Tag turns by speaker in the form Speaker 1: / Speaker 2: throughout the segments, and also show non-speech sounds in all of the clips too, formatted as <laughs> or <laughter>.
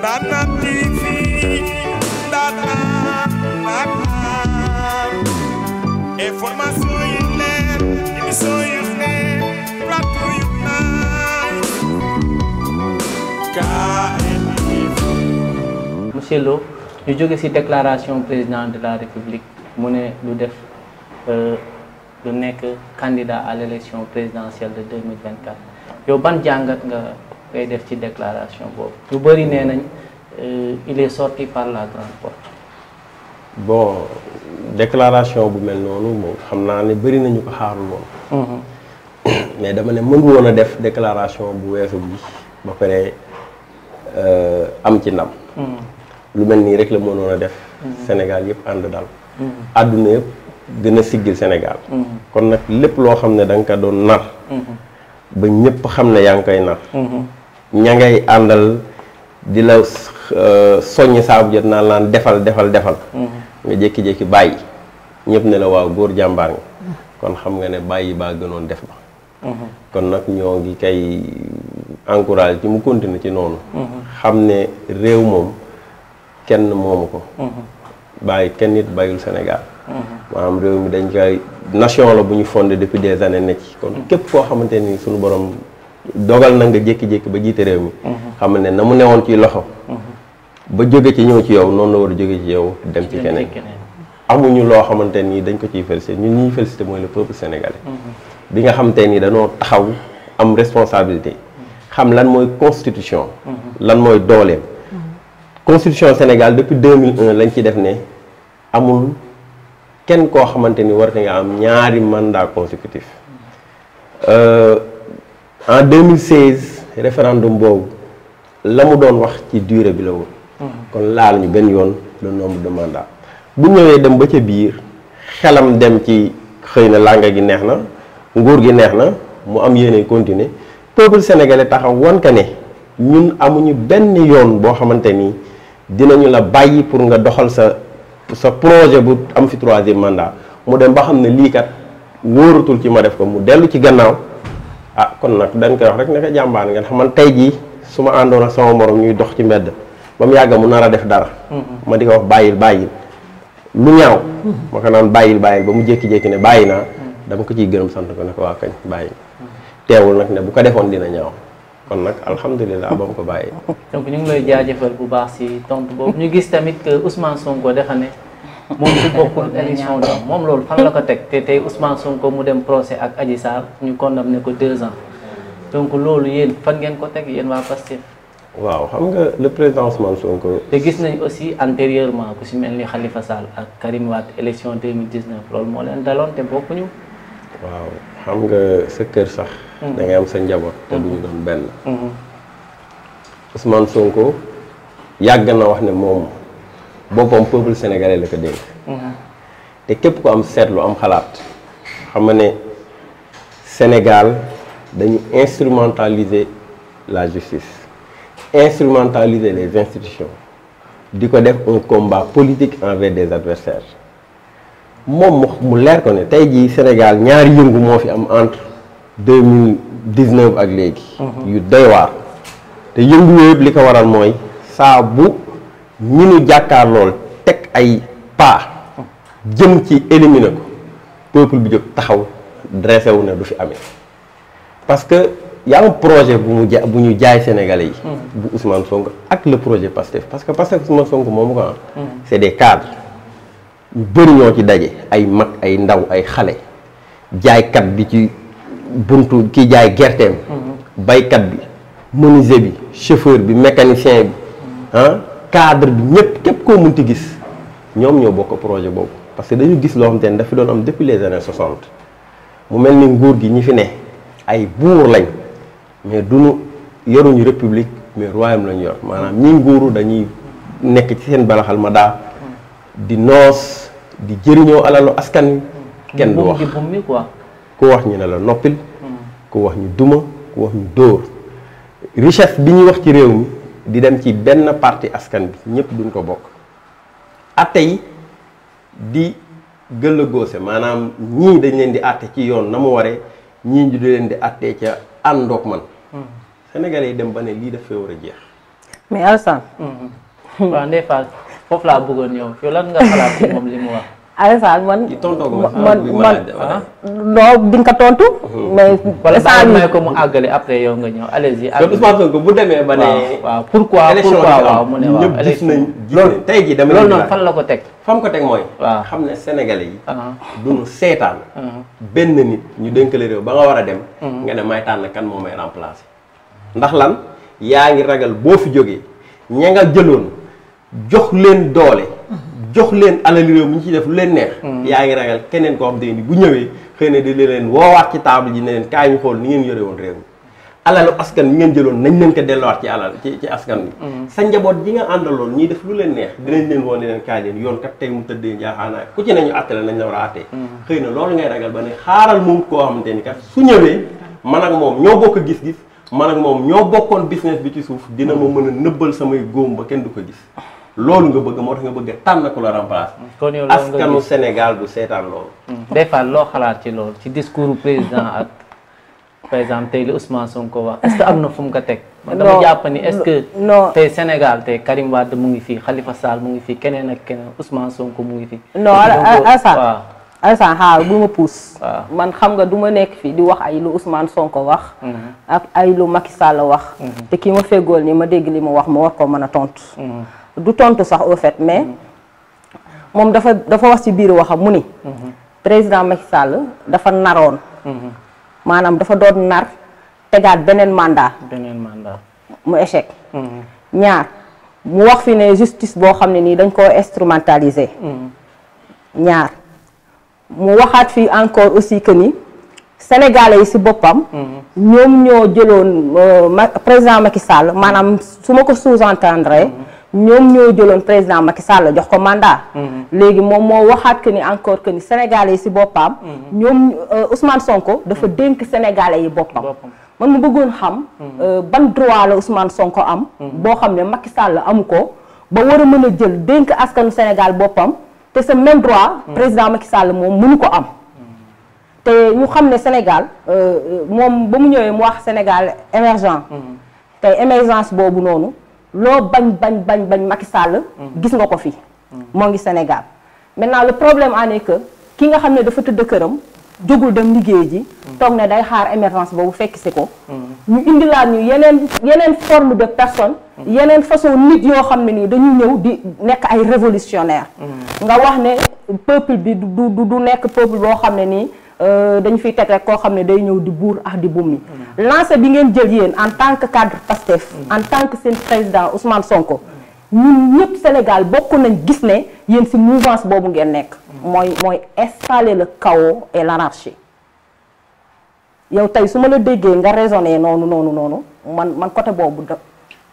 Speaker 1: Ndanane TV Ndanane Ndanane
Speaker 2: yu leer émission yu leer plateau yu naaj KNTV. monsieur Lo ñu jóge ci déclaration président de la république mu ne lu def euh, lu nekk candidat à l' élection présidentielle de 2024 yow ban jàngat nga. ngay def ci déclaration boobu ñu bari nee nañ euh, il est sorti par la grande porte.
Speaker 1: bon déclaration bu mel noonu moom xam naa ne bari nañu ko xaarul woon. Mm-hmm. mais dama ne mënu woon a def déclaration bu weesu bi ba pare euh, am ci ndam. Mm-hmm. lu mel nii rek la mënoon a def. Mm-hmm. Sénégal yëpp ànd dal. àdduna yëpp gën a siggil Sénégal. kon nag lépp loo xam ne da ko doon nar. ba ñëpp xam ne yaa ngi koy nar. ña ngay àndal di la euh, soññ saabu jot naan laan defal defal defal mm-hmm. nga jékki-jékki bàyyi ñëpp ne la waaw góor jàmbaar nga kon xam nga ne bàyyi baa gënoon def ba mm-hmm. kon nag ñoo ngi kay encourage ci mu continuer ci noonu mm-hmm. xam ne réew moom kenn moomu ko bàyyi kenn nit bàyyul Sénégal maanaam réew mi dañ koy nation la bu ñu fonde depuis des années nekk kon képp koo xamante ni suñu borom dogal na nga jékki-jékki ba jiite réew mi mhm. xam ne na mu ne woon ci loxo mhm. ba jóge ci ñëw ci yow noonu la war a jóge ci yow dem ci keneen loo xamante nii dañ ko ciy félicité ñun ñuy félicité mooy le peuple sénégalais mhm. bi nga xamante ni dañoo taxaw am responsabilité xam lan mooy constitution lan mooy dooleem constitution Sénégal depuis 2001 lañ ci def ne amul kenn koo xamante ni war nga am ñaari mandat consécutif euh, en 2016 référendum boobu la mu doon wax ci durée bi la woon. Hmm. kon laal ñu benn yoon le nombre de mandats bu ñëwee dem ba ca biir xelam dem ci xëy na lànga gi neex na nguur gi neex na mu am yéene continuer peuple sénégalais taxaw wan ka ne ñun amuñu benn yoon boo xamante ni dinañu la bàyyi pour nga doxal sa sa projet bu am fi troisième mandat mu dem ba xam ne lii kat wóoratul ci ma def ko mu dellu ci gannaaw. ah kon nag dañ koy wax rek ne ko jàmbaar ngeen xam man tey jii su ma àndoon ak sama morom ñuy dox ci mbedd ba mu yàgg mu nar a def dara. ma di ko wax bàyyil bàyyil. lu ñaaw. ma ko naan bàyyil bàyyil ba mu jékki-jékki ne bàyyi naa. dama ko ciy gërëm sant ko ne ko waa kañ bàyyi. teewul nag ne bu ko defoon dina ñaaw. kon nag alhamdulilah ba mu ko bàyyi. <laughs>
Speaker 2: donc ñu ngi lay jaajëfal bu baax si tontu boobu ñu gis tamit que Ousmane Sonko defa ne. moom su bokkul élection moom loolu fan la ko teg te tey Ousmane Sonko mu dem procès ak Adji Sarr ñu condamné ko deux ans donc loolu yéen fan ngeen ko teg yéen waa Pastef
Speaker 1: waaw xam nga le président Ousmane Sonko. te gis nañ
Speaker 2: aussi antérieurement ku si mel ni Khalifa Sall ak Karim Wade élection 2019 loolu moo leen daloon te bokkuñu.
Speaker 1: waaw xam nga sa kër sax. Hmm. da ngay am sa njaboot. te duñu hmm. doon benn. Hmm. Ousmane Sonko yàgg na wax ne moom. boppam peuple sénégalais la ko dénk. te képp ku am seetlu am xalaat xam nga ne Sénégal dañu instrumentaliser la justice instrumentaliser les institutions di ko def un combat politique envers des adversaires moom mu leer ko ne tey jii Sénégal ñaari yëngu moo fi am entre deux mille dix ak léegi. Mhm. yu doy waar te yëngu yëpp li ko waral mooy saa ñi nu jàkkaar lool teg ay pas jëm ci éliminer ko peuple bi jóg taxaw dressé wu ne du fi amee parce que y projet bu ja bu ñu jaay Sénégalais yi. Hmm. bu Ousmane Sonko ak le projet Pastef parce que Pastef Ousmane Sonko moomu ko ah. Hmm. c'est des cadres ñu bëri ñoo ci daje ay mag ay ndaw ay xale jaaykat bi ci buntu ki jaay gerteem. Hmm. baykat bi menuisier bi chauffeur bi mécanicien bi cadre bi ñëpp képp koo munti gis ñoom ñoo bokk projet boobu parce que dañu gis loo xam te ne dafa doon am depuis les années 60 mu mel ni nguur gi ñi fi ne ay buur lañ mais duñu yoruñu république mais royaume lañu yor maanaam ñi nguuru dañuy nekk ci seen balaxal ma daal di noos di jëriñoo alalu askan wi kenn du wax ku wax ñu ne la noppil mm. ku wax ñu duma ku wax ñu dóor richesse bi ñuy wax ci réew mi di dem ci benn parti askan bi ñëpp duñ ko bokk atte yi di gëlla maanaam ñii dañ leen di atte ci yoon na mu waree ñii ñu di leen di atte ca àndoog man hmm. sénégalais yi dem ba ne lii daf fee war a jeex
Speaker 3: mais Alassane hmm.
Speaker 1: Hmm. waaw Ndeye Fall foofu laa bëggoon ñëw yow lan nga xalaat ci moom li mu wax
Speaker 3: Aïda Fall man. man ah, man non di ko tontu. mais saa yu wala
Speaker 2: ko mu àggale après yow nga ñëw allez-y.
Speaker 1: bu demee ba ne. waaw pourquoi pourquoi tey jii dama loolu noonu fan la ko teg. fam ko teg mooy. xam ne sénégalais yi. Uh-huh. duñu seetaan. Uh-huh. benn nit ñu dénkale réew ba nga war a dem. Uh-huh. nga ne may tànn kan moo may remplacer. ndax lan yaa ngi ragal boo fi jógee ña nga jëloon jox leen doole. jox leen alal réew mi ñu ci def lu leen neex. Hmm. yaa ngi ragal keneen koo xam te ni bu ñëwee xëy na di leen woowaat ci table ji ne leen kaay ñu xool ni ngeen yore woon réew mi alalu askan bi ngeen jëloon nañ leen ko delluwaat ci alal ci ci askan bi hmm. sa njaboot ji nga àndaloon ñuy def lu leen neex dinañ leen woon ne leen kaay leen yoon kat tey mu tëddee jaaxaanaay ku ci nañu àttale nañ la war a àttee hmm. xëy na loolu ngay ragal ba ne xaaral moom koo xamante ni kat su ñëwee man moom ñoo bokk gis-gis man ak moom ñoo bokkoon business bi ci suuf dina ma mën a nëbbal samay góom ba kenn du ko gis loolu nga bëgg moo tax nga bëgg tànn ku la remplace. Mm.
Speaker 2: kon yow askanu
Speaker 1: Sénégal du seetaan loolu. Mm. des fois loo
Speaker 2: xalaat ci loolu ci discours président ak par exemple tey li Ousmane Sonko wax est-ce na fu ko teg. man dama jàpp ni est que. non tey Sénégal tey Karim mu ngi fii Khalifa mu ngi
Speaker 3: fii keneen ak keneen Ousmane Sonko mu ngi fii. non Assane man xam nga du ma nekk fii di wax ay lu Ousmane Sonko wax. Mm-hmm. ak ay lu Macky Sall wax. Mm-hmm. te ki ma feggool ni ma dégg li ma wax ma war koo mën a tontu. Mm-hmm. du tontu sax au fait mais moom dafa dafa wax ci biir waxam mu ni président Macky Sall dafa naroon maanaam dafa doon nar tegaat beneen mandat beneen mandat mu échec mhm. ñaar mu wax fi ne justice boo xam ne nii dañ koo instrumentaliser mhm. ñaar mu waxaat fi encore aussi que ni sénégalais yi ci boppam mhm. ñoom ñoo jëloon euh, président Macky maanaam su ma ko sous-entendre ñoom ñoo jëloon président Macky Sall jox ko mandat. Mm-hmm. léegi moom moo waxaat que ni encore que ni sénégalais yi si boppam. Mm-hmm. ñoom euh, Ousmane Sonko dafa mm-hmm. dénk sénégalais yi boppam. man ma bëggoon xam. Euh, ban droit la Ousmane Sonko am. boo xam ne Macky Sall amu ko ba war a mën a jël dénk askanu Sénégal boppam te sa même droit. président Macky Sall moom mu nu ko am. te ñu xam ne Sénégal euh, moom ba mu ñëwee mu wax Sénégal émergent. tey émergence boobu noonu. loo bañ bañ bañ bañ Macky Sall. Mhm. gis nga ko fi. Mhm. moo ngi Sénégal maintenant le problème en est que ki nga xam ne dafa tëdd këram jógul dem liggéey ji. Mhm. toog ne day xaar émergence boobu fekk si ko. ñu indilaat ñu yeneen yeneen forme de personne. yeneen façon nit yoo xam ne nii dañuy ñëw di nekk ay révolutionnaire nga wax ne peuple bi du du du nekk peuple boo xam ne nii. Euh, dañu fiy teg rek koo xam ne day ñëw di buur ak di bummi lancé bi ngeen jël yéen en tant que cadre Pastef en tant que seen président Ousmane Sonko ñun ñëpp Sénégal bokk nañ gis ne yéen ci mouvance boobu ngeen nekk mooy mooy installer la chaos et l'anarchie yow tey su ma la déggee nga raisonné noonu noonu noonu man man côté boobu da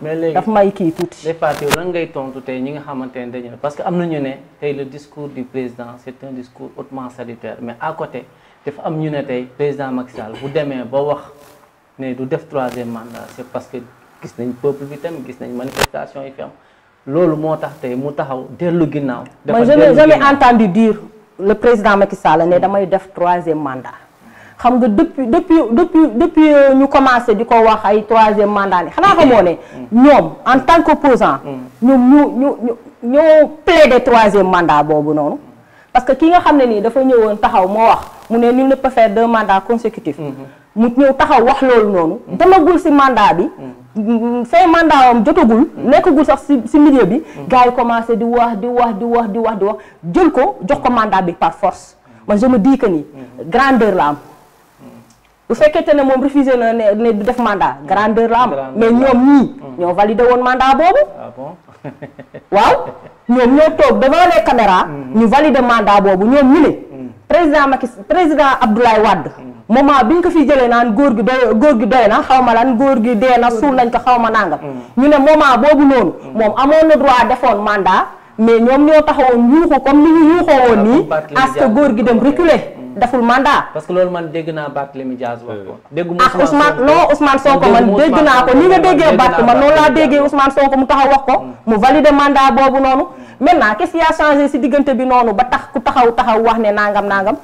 Speaker 3: mais léegi daf may kii tuuti
Speaker 2: les partis lan ngay tontu tey ñi nga xamante ne dañu parce que am na ñu ne tey le discours du président c'est un discours hautement salutaire mais à côté dafa am ñu ne tey président Macky Sall bu demee ba wax ne du def troisième mandat c'est parce que gis nañ peuple bi tam gis nañ manifestation yi fi am loolu moo tax tey mu taxaw dellu ginnaaw. dafa dellu ginnaaw
Speaker 3: man le président Macky Sall ne damay def troisième mandat. xam nga depuis depuis depuis depuis euh, ñu commencé di ko wax ay troisième mandat ni xanaa xamoo ne ñoom en tant qu'opposant mm. ñoom ñu ñu ñu ñoo plaidé troisième mandat boobu noonu parce que ki nga xam ne nii dafa ñëwoon taxaw moo wax mu ne ni ne peut faire deux mandats consécutifs mhm. mu ñëw taxaw wax loolu noonu demagul si mandat bi fin mhm. mandat am jotagul mhm. nekkagul sax si si milieu bi gars yi commencé di wax di wax di wax di wax di wax jël ko jox ko mandat bi par force man je ma dis que grandeur la am bu fekkente ne moom refusé na ne ne du def mandat grandeur la am mais ñoom ñii ñoo validé woon mandat boobu ah <laughs> waaw ñoom ñoo toog devant les caméras. Mm. ñu valider mandat boobu ñoom ñu ne. Mm. président Macky président Abdoulaye wadd mm. moment bi ñu ko fi jëlee naan góor gi doy góor gi doy na xaw ma lan góor gi dee na suul nañ ko xaw ma nangam. ñu ne moment boobu noonu. moom amoon na droit defoon mandat. mais ñoom ñoo taxawoon yuuxu comme ni ñu yuuxoo woon nii. parce góor gi dem reculer. deful mandat.
Speaker 2: parce que loolu man dégg naa Barthélémy Dias wax ko. dégg ah Ousmane non Ousmane Sonko man dégg naa ko ni nga déggee Barth man noonu laa déggee
Speaker 3: Ousmane Sonko mu taxaw wax ko. Mm. mu valider mandat boobu noonu. maintenant qu'est-ce qui a changé si diggante bi noonu ba tax ku taxaw taxaw wax ne nangam nangam.